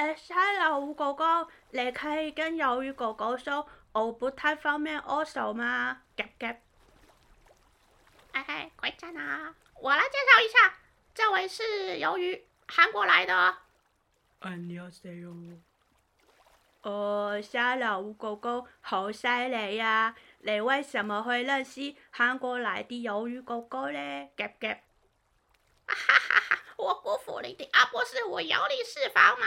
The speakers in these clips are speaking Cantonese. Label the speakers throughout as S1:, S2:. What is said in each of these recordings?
S1: 誒，犀牛哥哥，你睇緊魷魚哥哥 s 我不太方便握手嘛？夾夾。哎，快站啦！我來介紹一下，這位是魷魚，韓國來的。嗯，你好犀牛。哦，犀牛哥哥好犀利呀！你為什麼會認識韓國來的魷魚哥哥咧？夾夾。哈、啊、哈哈，我辜負你哋啊！不是我有你釋放嘛？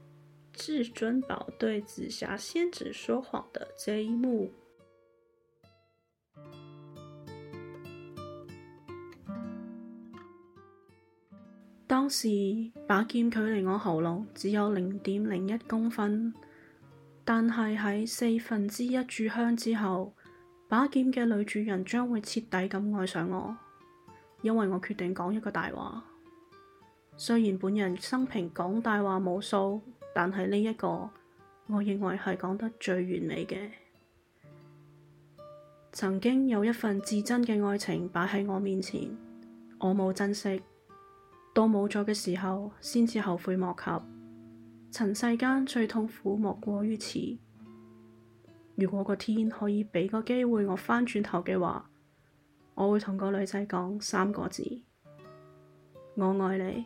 S1: 至尊寶對紫霞仙子說謊的這一幕，當時把劍距離我喉嚨只有零點零一公分，但係喺四分之一炷香之後，把劍嘅女主人將會徹底咁愛上我，因為我決定講一個大話，雖然本人生平講大話無數。但係呢一個，我認為係講得最完美嘅。曾經有一份至真嘅愛情擺喺我面前，我冇珍惜，到冇咗嘅時候，先至後悔莫及。塵世間最痛苦莫過於此。如果個天可以畀個機會我返轉頭嘅話，我會同個女仔講三個字：我愛你。.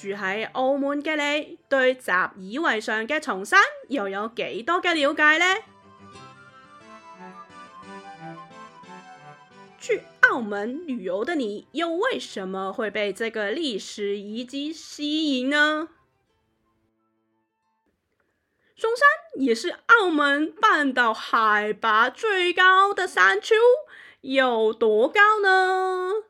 S1: 住喺澳門嘅你，對習以為常嘅松山又有幾多嘅了解呢？去澳門旅遊的你，又為什麼會被這個歷史遺迹吸引呢？松山也是澳門半島海拔最高的山丘，有多高呢？